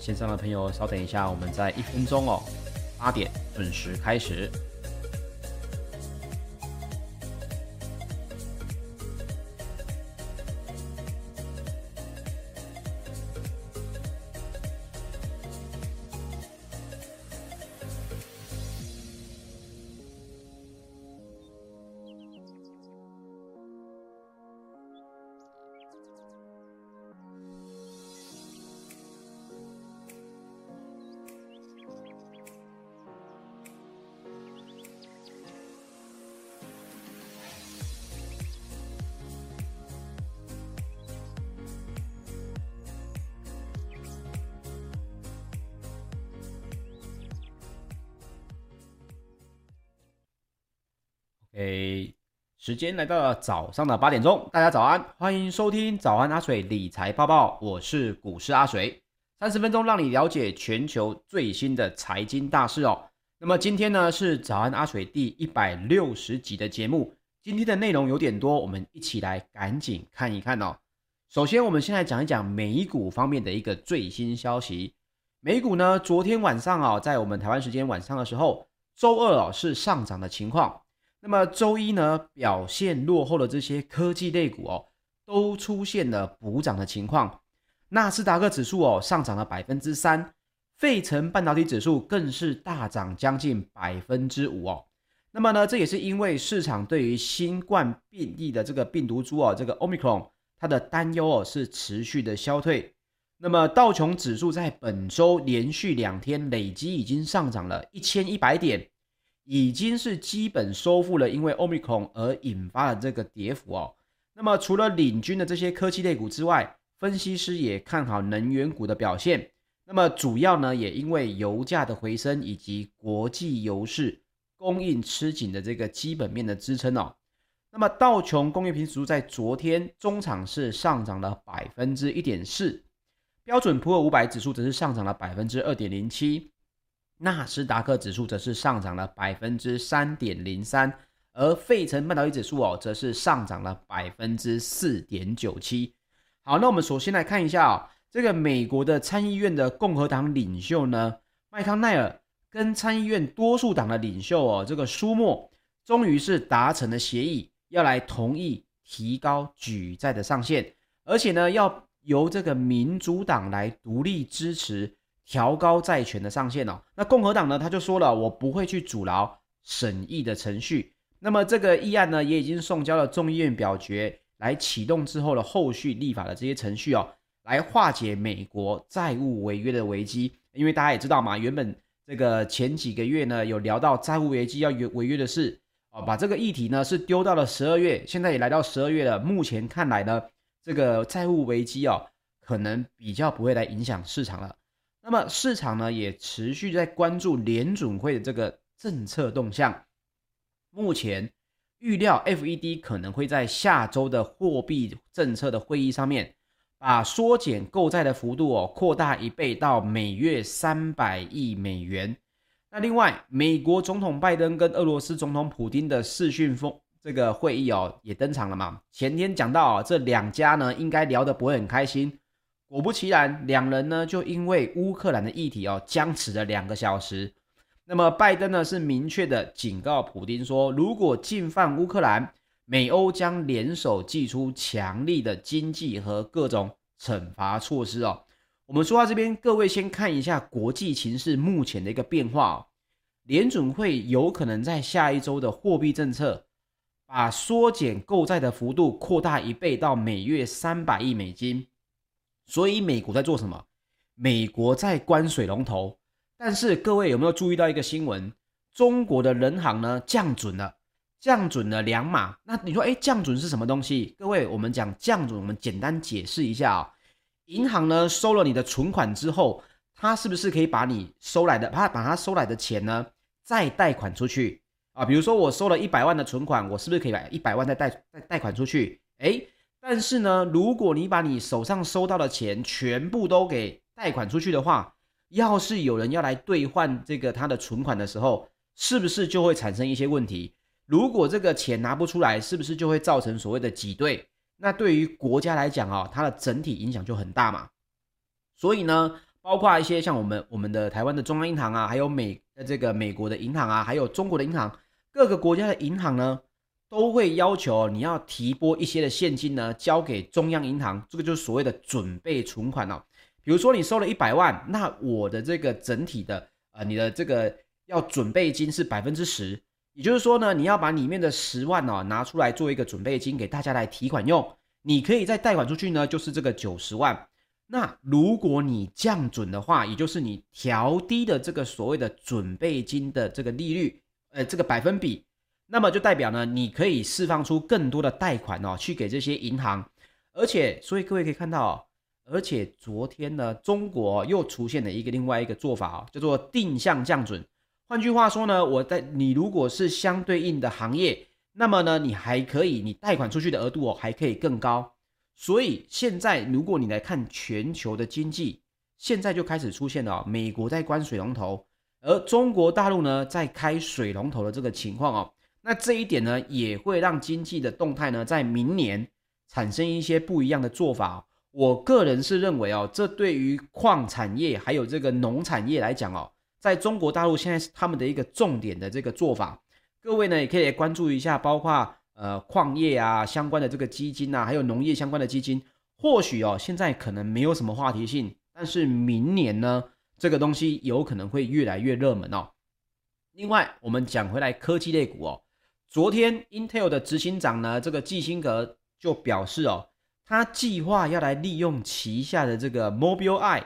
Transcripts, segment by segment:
線上的朋友，稍等一下，我們再一分鐘哦，八點準時開始。誒，時間來到早上的八點鐘，大家早安，歡迎收聽早安阿水理財報報，我是股市阿水，三十分鐘讓你了解全球最新的財經大事哦。那麼今天呢是早安阿水第一百六十集的節目，今天的內容有點多，我們一起來趕緊看一看哦。首先，我們先來講一講美股方面的一個最新消息。美股呢，昨天晚上啊，在我們台灣時間晚上的時候，周二哦是上漲的情況。那麼周一呢，表現落後的這些科技類股哦，都出現了補漲的情況。納斯達克指數哦上漲了百分之三，費城半導體指數更是大漲將近百分之五哦。那麼呢，這也是因為市場對於新冠變異的這個病毒株哦，這個奧密克戎它的擔憂哦是持續的消退。那麼道瓊指數在本周連續兩天累計已經上漲了一千一百點。已經是基本收復了，因為 Omicron 而引發的這個跌幅哦。那麼除了領軍的這些科技類股之外，分析師也看好能源股的表現。那麼主要呢，也因為油價的回升以及國際油市供應吃緊的這個基本面的支撐哦。那麼道瓊工業平均指數在昨天中場是上漲了百分之一點四，標準普爾五百指數則是上漲了百分之二點零七。納斯達克指數，則是上漲了百分之三點零三，而費城半導體指數哦，則是上漲了百分之四點九七。好，那我們首先來看一下哦，這個美國的參議院的共和黨領袖呢，麥康奈爾跟參議院多數黨的領袖哦，這個舒默，終於是達成了協議，要來同意提高舉債的上限，而且呢，要由這個民主黨來獨立支持。調高債權的上限哦，那共和黨呢，他就說了，我不會去阻撓審議的程序。那麼這個議案呢也已經送交了眾議院表決，來啟動之後的後續立法的這些程序哦，來化解美國債務違約的危機。因為大家也知道嘛，原本這個前幾個月呢有聊到債務危機要違約的事哦，把這個議題呢是丟到了十二月，現在也來到十二月了。目前看來呢，這個債務危機哦可能比較不會來影響市場了。那麼市場呢也持續在關注聯準會的這個政策動向。目前預料 FED 可能會在下周的貨幣政策的會議上面，把縮減購債的幅度哦擴大一倍到每月三百億美元。那另外，美國總統拜登跟俄羅斯總統普丁的視訊峰這個會議哦也登場了嘛？前天講到啊、哦，這兩家呢應該聊得不會很開心。果不其然，兩人呢就因為烏克蘭的議題哦僵持了兩個小時。那麼拜登呢是明確的警告普丁說，如果進犯烏克蘭，美歐將聯手祭出強力的經濟和各種懲罰措施哦。我們說到這邊，各位先看一下國際情勢目前的一個變化哦。聯準會有可能在下一周的貨幣政策，把縮減購債的幅度擴大一倍到每月三百億美金。所以美國在做什麼？美國在關水龍頭。但是各位有沒有注意到一個新聞？中國的人行呢降準了，降準了兩碼。那你說，哎，降準是什麼東西？各位，我們講降準，我們簡單解釋一下啊、哦。銀行呢收了你的存款之後，它是不是可以把你收來的，它把它收來的錢呢再貸款出去啊？比如說我收了一百萬的存款，我是不是可以把一百萬再貸再貸款出去？哎。但是呢，如果你把你手上收到的錢全部都給貸款出去的話，要是有人要來兌換這個他的存款的時候，是不是就會產生一些問題？如果這個錢拿不出來，是不是就會造成所謂的擠兌？那對於國家來講啊，它的整體影響就很大嘛。所以呢，包括一些像我們我們的台灣的中央銀行啊，還有美這個美國的銀行啊，還有中國的銀行，各個國家的銀行呢。都會要求你要提撥一些的現金呢，交給中央銀行，這個就是所謂的準備存款了、哦。比如說你收了一百萬，那我的這個整體的，呃，你的這個要準備金是百分之十，也就是說呢，你要把裡面的十萬呢、哦、拿出來做一個準備金給大家來提款用，你可以再貸款出去呢，就是這個九十萬。那如果你降準的話，也就是你調低的這個所謂的準備金的這個利率，呃，這個百分比。那麼就代表呢，你可以釋放出更多的貸款哦，去給這些銀行，而且所以各位可以看到哦，而且昨天呢，中國又出現了一個另外一個做法哦，叫做定向降準。換句話說呢，我在你如果是相對應的行業，那麼呢，你還可以，你貸款出去的額度哦，還可以更高。所以現在如果你來看全球的經濟，現在就開始出現了，美國在關水龍頭，而中國大陸呢在開水龍頭的這個情況哦。那這一點呢，也會讓經濟的動態呢，在明年產生一些不一樣的做法。我個人是認為哦，這對於礦產業還有這個農產業來講哦，在中國大陸現在是他們的一個重點的這個做法。各位呢，也可以關注一下，包括呃礦業啊相關的這個基金啊，還有農業相關的基金。或許哦，現在可能沒有什麼話題性，但是明年呢，這個東西有可能會越來越熱門哦。另外，我們講回來科技類股哦。昨天，Intel 的執行長呢，這個季辛格就表示哦，他計劃要來利用旗下的這個 Mobileye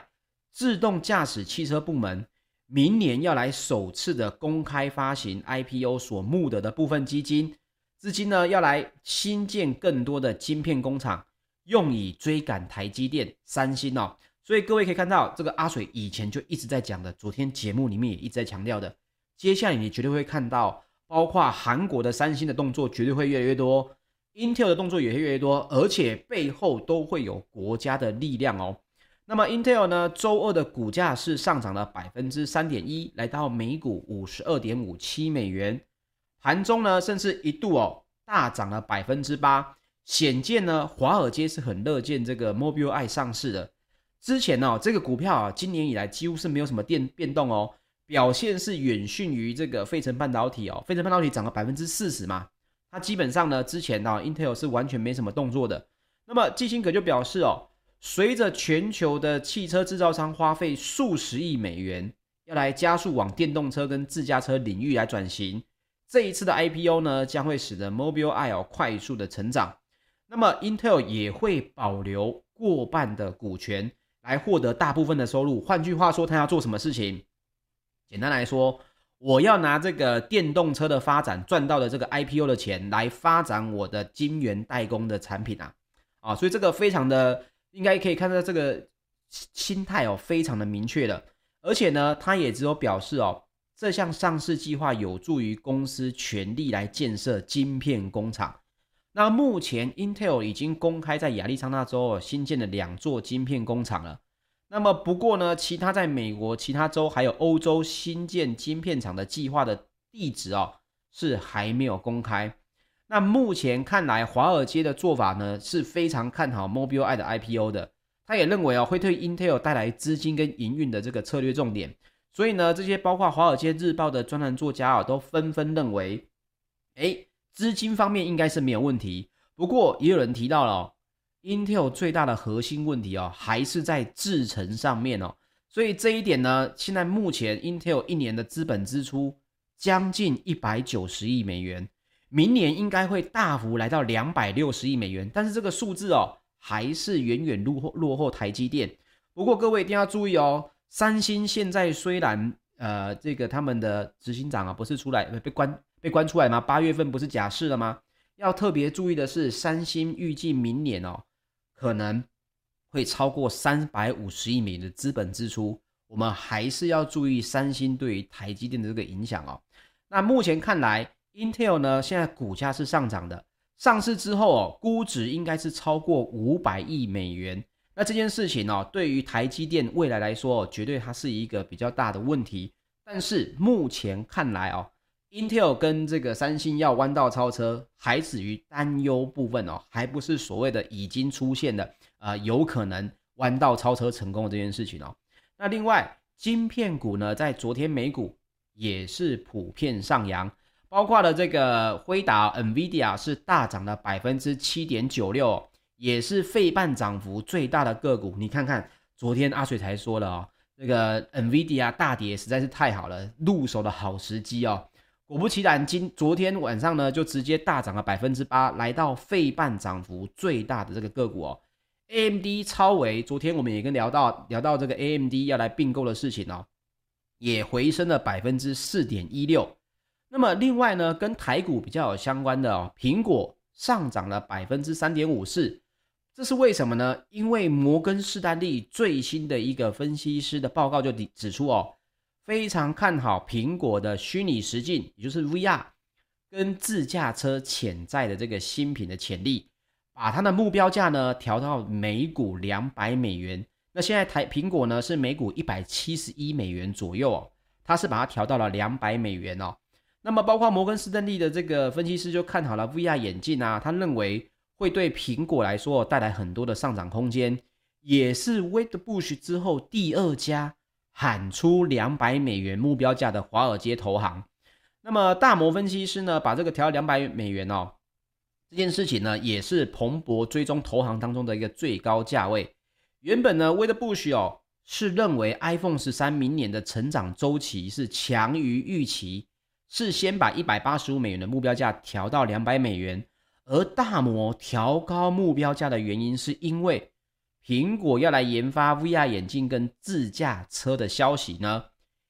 自動駕駛汽車部門，明年要來首次的公開發行 IPO 所募得的部分基金資金呢，要來新建更多的晶片工廠，用以追趕台積電、三星哦。所以各位可以看到，這個阿水以前就一直在講的，昨天節目裡面也一直在強調的，接下來你絕對會看到。包括韓國的三星的動作絕對會越來越多，Intel 的動作也會越來越多，而且背後都會有國家的力量哦。那麼 Intel 呢，週二的股價是上漲了百分之三點一，來到每股五十二點五七美元。盤中呢，甚至一度哦大漲了百分之八，顯見呢，華爾街是很樂見這個 Mobileye 上市的。之前呢、哦，這個股票啊，今年以來幾乎是沒有什麼變變動哦。表現是遠遜於這個費城半導體哦，費城半導體漲了百分之四十嘛，它基本上呢，之前的、啊、Intel 是完全沒什麼動作的。那麼基辛格就表示哦，隨着全球的汽車製造商花費數十億美元，要來加速往電動車跟自駕車領域來轉型，這一次的 IPO 呢，將會使得 Mobileye 快速的成長。那麼 Intel 也會保留過半的股權來獲得大部分的收入，換句話說，他要做什麼事情？簡單來說，我要拿這個電動車的發展賺到的這個 IPO 的錢來發展我的晶圓代工的產品啊，啊，所以這個非常的應該可以看到這個心態哦，非常的明確的，而且呢，他也只有表示哦，這項上市計劃有助於公司全力來建設晶片工廠。那目前 Intel 已經公開在亞利桑那州哦新建了兩座晶片工廠了。那麼不過呢，其他在美國其他州還有歐洲新建晶片廠的計劃的地址哦，是還沒有公開。那目前看來，華爾街的做法呢是非常看好 Mobileye 的 IPO 的。他也認為啊、哦，會對 Intel 帶來資金跟營運的這個策略重點。所以呢，這些包括《華爾街日報》的專欄作家啊，都紛紛認為，哎，資金方面應該是沒有問題。不過也有人提到了、哦。Intel 最大的核心問題哦，還是在製程上面哦，所以這一點呢，現在目前 Intel 一年的資本支出將近一百九十億美元，明年應該會大幅來到兩百六十億美元，但是這個數字哦，還是遠遠落後落後台積電。不過各位一定要注意哦，三星現在雖然呃這個他們的執行長啊不是出來被關被關出來嗎？八月份不是假釋了嗎？要特別注意的是，三星預計明年哦。可能會超過三百五十億美元的資本支出，我們還是要注意三星對於台積電的這個影響哦。那目前看來，Intel 呢，現在股價是上漲的，上市之後哦，估值應該是超過五百億美元。那這件事情哦，對於台積電未來來說哦，絕對它是一個比較大的問題。但是目前看來哦。Intel 跟這個三星要彎道超車，還止於擔憂部分哦，還不是所謂的已經出現的呃有可能彎道超車成功的這件事情哦。那另外晶片股呢，在昨天美股也是普遍上揚，包括了這個輝達 NVIDIA 是大漲了百分之七點九六，也是費半漲幅最大的個股。你看看昨天阿水才說了哦，這個 NVIDIA 大跌實在是太好了，入手的好時機哦。果不其然，今昨天晚上呢，就直接大漲了百分之八，來到費半漲幅最大的這個個股哦，AMD 超微，昨天我們也跟聊到聊到這個 AMD 要來併購的事情哦，也回升了百分之四點一六。那麼另外呢，跟台股比較有相關的哦，蘋果上漲了百分之三點五四，這是為什麼呢？因為摩根士丹利最新的一個分析師的報告就指指出哦。非常看好蘋果的虛擬實境，也就是 VR 跟自駕車潛在的這個新品的潛力，把它的目標價呢調到每股兩百美元。那現在台蘋果呢是每股一百七十一美元左右哦，它是把它調到了兩百美元哦。那麼包括摩根士丹利的這個分析師就看好了 VR 眼鏡啊，他認為會對蘋果來說帶來很多的上漲空間，也是 Wedbush 之後第二家。喊出兩百美元目標價的華爾街投行，那麼大摩分析師呢，把這個調到兩百美元哦，這件事情呢，也是彭博追蹤投行當中的一個最高價位。原本呢，Wedbush 哦，是認為 iPhone 十三，明年的成長週期是強於預期，是先把一百八十五美元的目標價調到兩百美元，而大摩調高目標價的原因是因為。蘋果要來研發 VR 眼鏡跟自駕車的消息呢，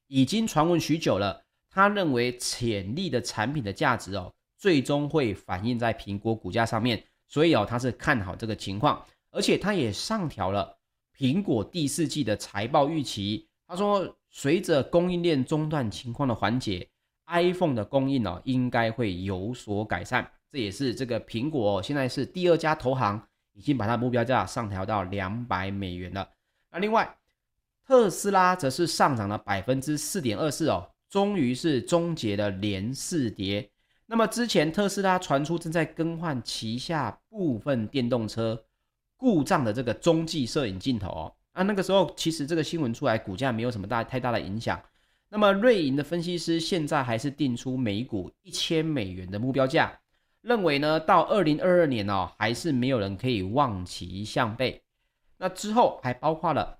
已經傳聞許久了。他認為潛力的產品的價值哦，最終會反映在蘋果股價上面，所以哦，他是看好這個情況，而且他也上調了蘋果第四季的財報預期。他說，隨着供應鏈中斷情況的緩解，iPhone 的供應哦，應該會有所改善。這也是這個蘋果現在是第二家投行，已經把它的目標價上調到兩百美元了。啊，另外，特斯拉則是上漲了百分之四點二四哦，終於是終結了連四跌。那麼之前特斯拉傳出正在更換旗下部分電動車故障的這個中繼攝影鏡頭哦，啊，那個時候其實這個新聞出來，股價沒有什麼大太大的影響。那麼瑞銀的分析師現在還是定出每股一千美元的目標價。認為呢，到二零二二年哦，還是沒有人可以望其項背。那之後還包括了，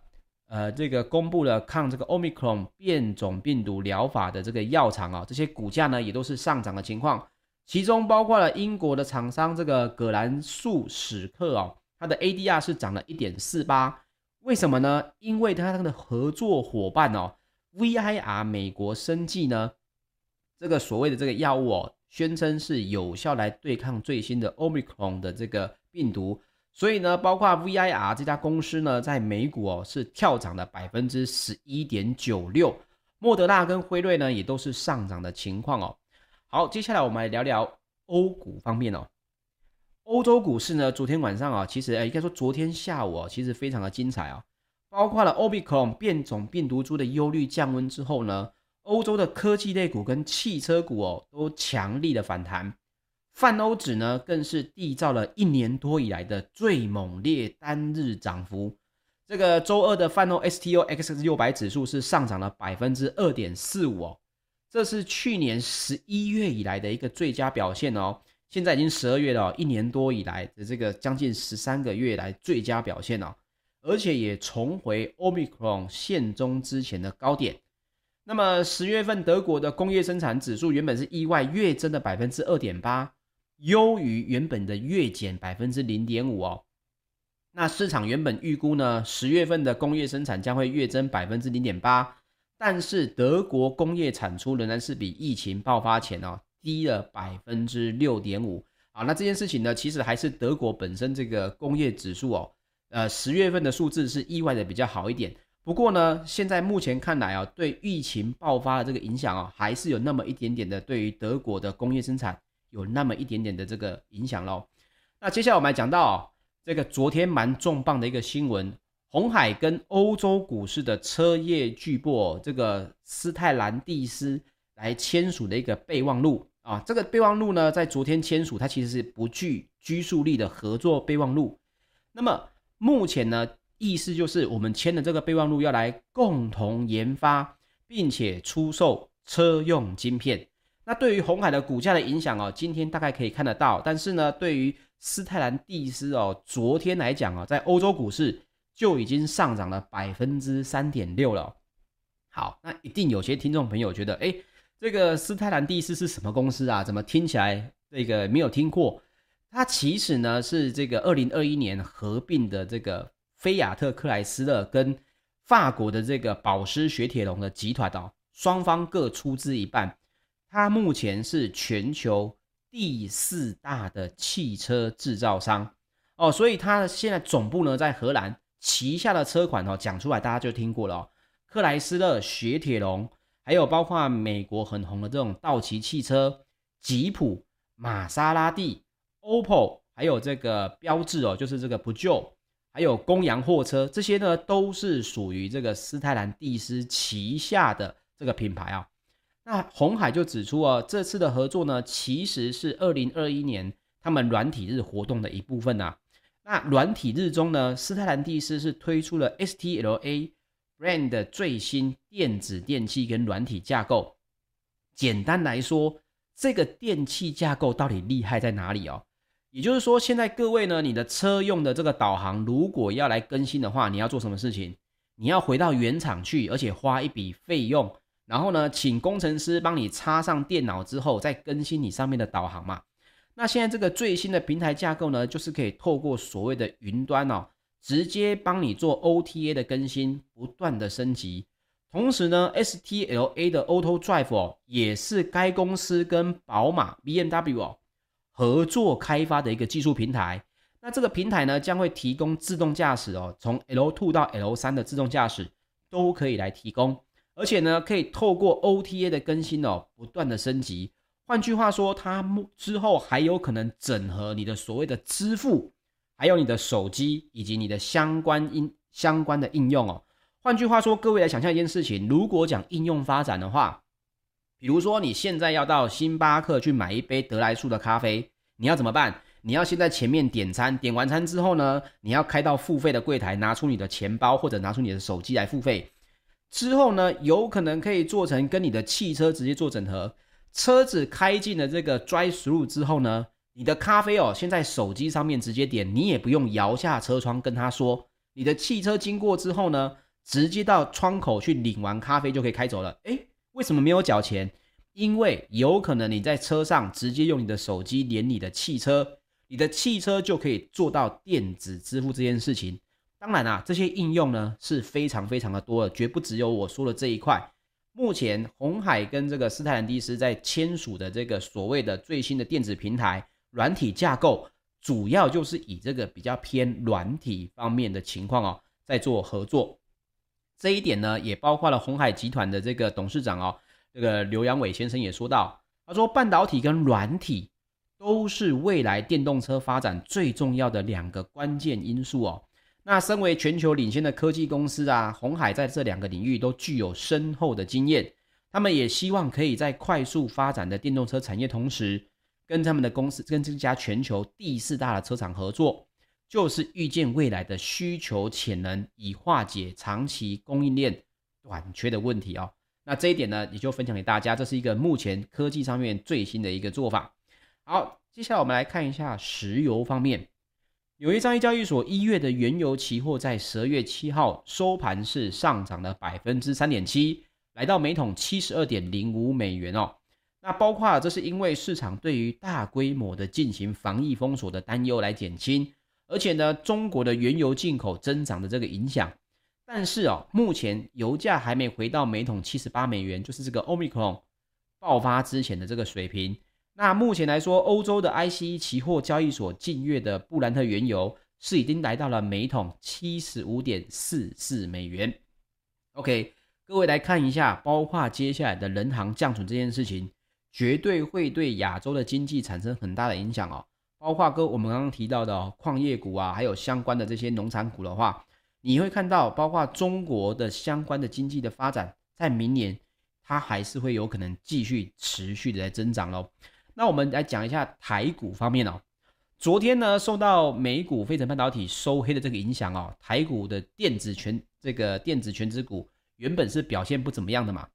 呃，這個公布了抗這個奧密克戎變種病毒療法的這個藥廠啊、哦，這些股價呢也都是上漲的情況，其中包括了英國的廠商這個葛蘭素史克哦，它的 ADR 是漲了一點四八，為什麼呢？因為它它的合作夥伴哦，VIR 美國生技呢，這個所謂的這個藥物哦。宣稱是有效來對抗最新的 Omicron 的這個病毒，所以呢，包括 VIR 這家公司呢，在美股哦是跳漲了百分之十一點九六，莫德納跟輝瑞呢也都是上漲的情況哦。好，接下來我們來聊聊歐股方面哦，歐洲股市呢，昨天晚上啊，其實哎，應該說昨天下午啊，其實非常的精彩啊，包括了 Omicron 變種病毒株的憂慮降溫之後呢。歐洲的科技類股跟汽車股哦，都強力的反彈，泛歐指呢更是締造了一年多以來的最猛烈單日漲幅。這個週二的泛歐 STOXX 六百指數是上漲了百分之二點四五哦，這是去年十一月以來的一個最佳表現哦。現在已經十二月了哦，一年多以來的這個將近十三個月來最佳表現哦，而且也重回 Omicron 現中之前的高點。那麼十月份德國的工業生產指數原本是意外月增的百分之二點八，優於原本的月減百分之零點五哦。那市場原本預估呢，十月份的工業生產將會月增百分之零點八，但是德國工業產出仍然是比疫情爆發前哦低了百分之六點五啊。好，那這件事情呢，其實還是德國本身這個工業指數哦，呃十月份的數字是意外的比較好一點。不過呢，現在目前看來啊、哦，對疫情爆發的這個影響啊、哦，還是有那麼一點點的，對於德國的工業生產有那麼一點點的這個影響咯。那接下來我們來講到、哦、這個昨天蠻重磅的一個新聞，鴻海跟歐洲股市的車業巨擘、哦、這個斯泰蘭蒂斯來簽署的一個備忘錄啊，這個備忘錄呢，在昨天簽署，它其實是不具拘束力的合作備忘錄。那麼目前呢？意思就是，我們簽的這個備忘錄要來共同研發，並且出售車用晶片。那對於鴻海的股價的影響哦，今天大概可以看得到。但是呢，對於斯泰蘭蒂斯哦，昨天來講哦，在歐洲股市就已經上漲了百分之三點六了。好，那一定有些聽眾朋友覺得，哎，這個斯泰蘭蒂斯是什麼公司啊？怎麼聽起來這個沒有聽過？它其實呢是這個二零二一年合併的這個。菲亞特克萊斯勒跟法國的這個寶獅雪鐵龍的集團哦，雙方各出資一半。它目前是全球第四大的汽車製造商哦，所以它現在總部呢在荷蘭，旗下的車款哦講出來大家就聽過了，哦。克萊斯勒、雪鐵龍，還有包括美國很紅的這種道奇汽車、吉普、瑪莎拉蒂、Opel，還有這個標誌哦，就是這個 Peugeot。還有公羊貨車，這些呢都是屬於這個斯泰蘭蒂斯旗下的這個品牌啊。那鴻海就指出啊，這次的合作呢，其實是二零二一年他們軟體日活動的一部分啊。那軟體日中呢，斯泰蘭蒂斯是推出了 STLA brand 的最新電子電氣跟軟體架構。簡單來說，這個電氣架構到底厲害在哪裡哦、啊？也就是說，現在各位呢，你的車用的這個導航，如果要來更新的話，你要做什麼事情？你要回到原廠去，而且花一筆費用，然後呢，請工程師幫你插上電腦之後再更新你上面的導航嘛。那現在這個最新的平台架構呢，就是可以透過所謂的雲端哦，直接幫你做 OTA 的更新，不斷的升級。同時呢，STLA 的 AutoDrive 哦，也是該公司跟寶馬 BMW 哦。合作開發的一個技術平台，那這個平台呢，將會提供自動駕駛哦，從 L2 到 L3 的自動駕駛都可以來提供，而且呢，可以透過 OTA 的更新哦，不斷的升級。換句話說，它之後還有可能整合你的所謂的支付，還有你的手機以及你的相關應相關的應用哦。換句話說，各位來想象一件事情，如果講應用發展的話，比如說，你現在要到星巴克去買一杯得來速的咖啡，你要怎麼辦？你要先在前面點餐，點完餐之後呢，你要開到付費的櫃台，拿出你的錢包或者拿出你的手機來付費。之後呢，有可能可以做成跟你的汽車直接做整合，車子開進了這個 drive through 之後呢，你的咖啡哦，先在手機上面直接點，你也不用搖下車窗跟他說，你的汽車經過之後呢，直接到窗口去領完咖啡就可以開走了。誒為什麼沒有繳錢？因為有可能你在車上直接用你的手機連你的汽車，你的汽車就可以做到電子支付這件事情。當然啦、啊，這些應用呢是非常非常的多的，絕不只有我說的這一塊。目前，鴻海跟這個斯泰蘭蒂斯在簽署的這個所謂的最新的電子平台軟體架構，主要就是以這個比較偏軟體方面的情況哦，在做合作。這一點呢，也包括了鴻海集團的這個董事長哦，這個劉揚偉先生也說到，他說半導體跟軟體都是未來電動車發展最重要的兩個關鍵因素哦。那身為全球領先的科技公司啊，鴻海在這兩個領域都具有深厚的經驗，他們也希望可以在快速發展的電動車產業同時，跟他們的公司跟這家全球第四大的車廠合作，就是預見未來的需求潛能，以化解長期供應鏈短缺的問題哦。那這一點呢，也就分享給大家。這是一個目前科技上面最新的一個做法。好，接下來我們來看一下石油方面。紐約商業交易所一月的原油期貨在十二月七號收盤是上漲了百分之三點七，來到每桶七十二點零五美元哦。那包括這是因為市場對於大規模的進行防疫封鎖的擔憂來減輕。而且呢，中國的原油進口增長的這個影響，但是啊、哦，目前油價還沒回到每桶七十八美元，就是這個 Omicron 爆發之前的這個水平。那目前來說，歐洲的 ICE 期貨交易所近月的布蘭特原油是已經來到了每桶七十五點四四美元。OK，各位來看一下，包括接下來的人行降準這件事情，絕對會對亞洲的經濟產生很大的影響哦。包括跟我們剛剛提到的礦業股啊，還有相關的這些農產股的話，你會看到，包括中國的相關的經濟的發展，在明年它還是會有可能繼續持續的在增長咯。那我們來講一下台股方面哦，昨天呢，受到美股費城半導體收黑的這個影響哦，台股的電子權這個電子權值股原本是表現不怎麼樣的嘛，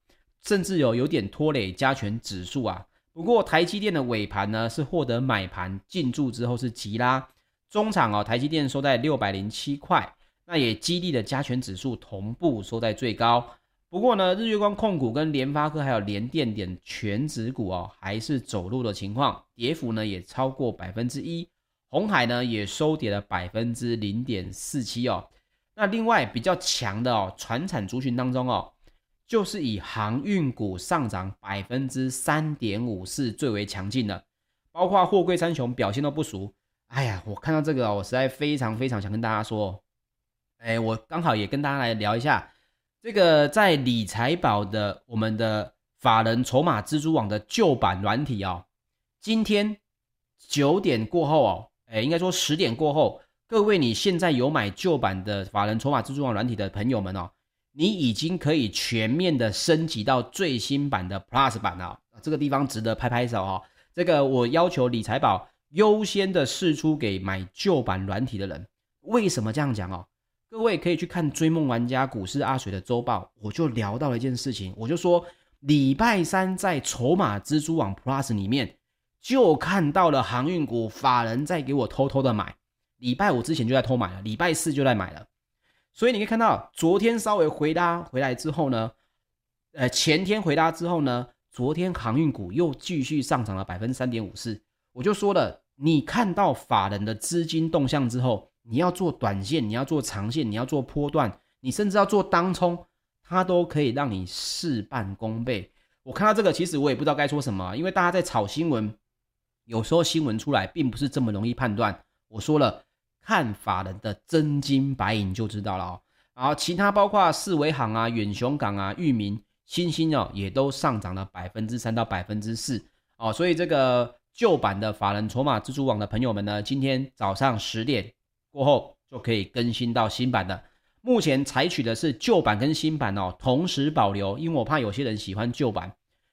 甚至有有點拖累加權指數啊。不過台積電的尾盤呢是獲得買盤進駐之後是急拉，中場哦台積電收在六百零七塊，那也激勵的加權指數同步收在最高。不過呢日月光控股跟聯發科還有聯電等權值股哦還是走弱的情況，跌幅呢也超過百分之一，紅海呢也收跌了百分之零點四七哦。那另外比較強的哦，傳產族群當中哦。就是以航運股上漲百分之三點五是最為強勁的，包括貨櫃三雄表現都不俗。哎呀，我看到這個，我實在非常非常想跟大家說，哎，我剛好也跟大家來聊一下這個在理財寶的我們的法人籌碼蜘蛛網的舊版軟體哦，今天九點過後哦，哎，應該說十點過後，各位你現在有買舊版的法人籌碼蜘蛛網軟體的朋友們哦。你已經可以全面的升級到最新版的 Plus 版了哦，這個地方值得拍拍手哦，這個我要求理財寶優先的釋出給買舊版軟體的人。為什麼這樣講哦？各位可以去看追夢玩家股市阿水的周報，我就聊到了一件事情，我就說禮拜三在籌碼蜘蛛網 Plus 裡面就看到了航運股法人在給我偷偷的買，禮拜五之前就在偷買了，禮拜四就在買了。所以你可以看到，昨天稍微回拉回來之後呢，呃，前天回拉之後呢，昨天航運股又繼續上漲了百分之三點五四。我就說了，你看到法人的資金動向之後，你要做短線，你要做長線，你要做波段，你甚至要做當沖，它都可以讓你事半功倍。我看到這個，其實我也不知道該說什麼，因為大家在炒新聞，有時候新聞出來並不是這麼容易判斷。我說了。看法人的真金白銀就知道了哦。然後其他包括四維航啊、遠雄港啊、域名、新興哦，也都上漲了百分之三到百分之四哦。所以這個舊版的法人籌碼蜘蛛網的朋友們呢，今天早上十點過後就可以更新到新版的。目前採取的是舊版跟新版哦，同時保留，因為我怕有些人喜歡舊版，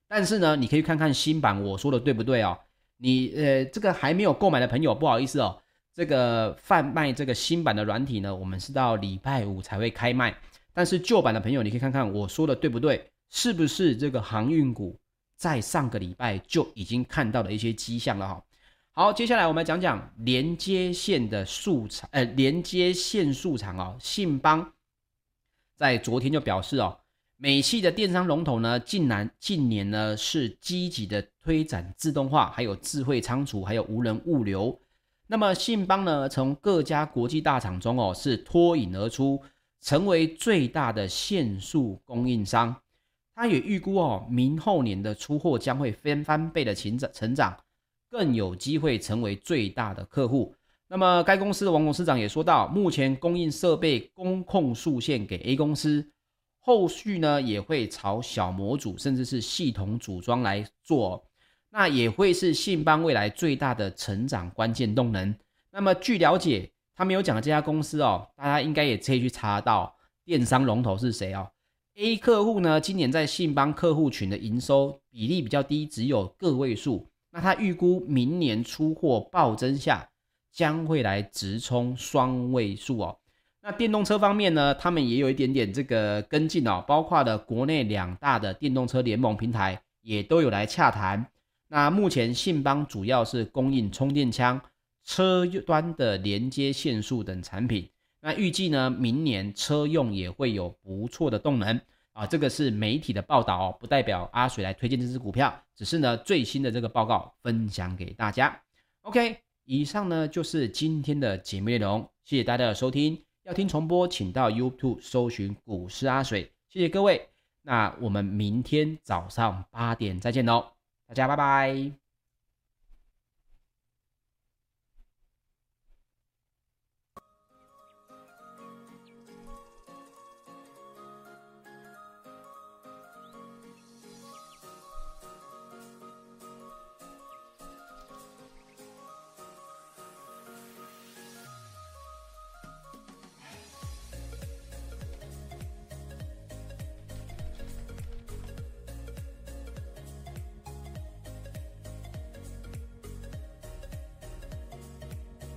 但是呢，你可以看看新版，我說的對不對哦？你呃，這個還沒有購買的朋友，不好意思哦。這個販賣這個新版的軟體呢，我們是到禮拜五才會開賣。但是舊版的朋友，你可以看看我說的對不對？是不是這個航運股在上個禮拜就已經看到了一些跡象了哈？好，接下來我們來講講連接線的速場，呃，連接線速場啊，信邦在昨天就表示哦，美系的電商龍頭呢，近然近年呢是積極的推展自動化，還有智慧倉儲，還有無人物流。那麼信邦呢，從各家國際大廠中哦，是脫穎而出，成為最大的線束供應商。他也預估哦，明後年的出貨將會翻翻倍的成長，更有機會成為最大的客戶。那麼該公司的王董事長也說到，目前供應設備工控束線給 A 公司，後續呢也會朝小模組甚至是系統組裝來做哦。那也會是信邦未來最大的成長關鍵動能。那麼據了解，他沒有講這家公司哦，大家應該也可以去查到電商龍頭是誰哦。A 客戶呢，今年在信邦客戶群的營收比例比較低，只有個位數。那他預估明年出貨暴增下，將會來直衝雙位數哦。那電動車方面呢，他們也有一點點這個跟進哦，包括了國內兩大的電動車聯盟平台也都有來洽談。那目前信邦主要是供應充電槍、車端的連接線束等產品。那預計呢，明年車用也會有不錯的動能啊。這個是媒體的報道，不代表阿水來推薦這支股票，只是呢最新的這個報告分享給大家。OK，以上呢就是今天的節目內容，謝謝大家的收聽。要聽重播，請到 YouTube 搜尋股市阿水。謝謝各位，那我們明天早上八點再見嘍。大家拜拜。